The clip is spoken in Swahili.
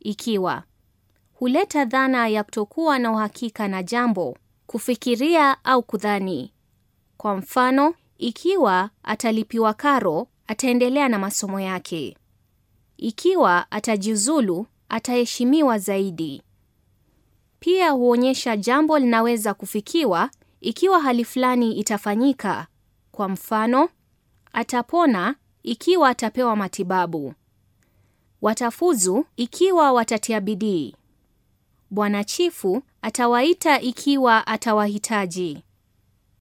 ikiwa huleta dhana ya kutokuwa na uhakika na jambo, kufikiria au kudhani. Kwa mfano, ikiwa atalipiwa karo, ataendelea na masomo yake. Ikiwa atajiuzulu, ataheshimiwa zaidi. Pia huonyesha jambo linaweza kufikiwa ikiwa hali fulani itafanyika. Kwa mfano, atapona ikiwa atapewa matibabu. Watafuzu ikiwa watatia bidii. Bwana Chifu atawaita ikiwa atawahitaji.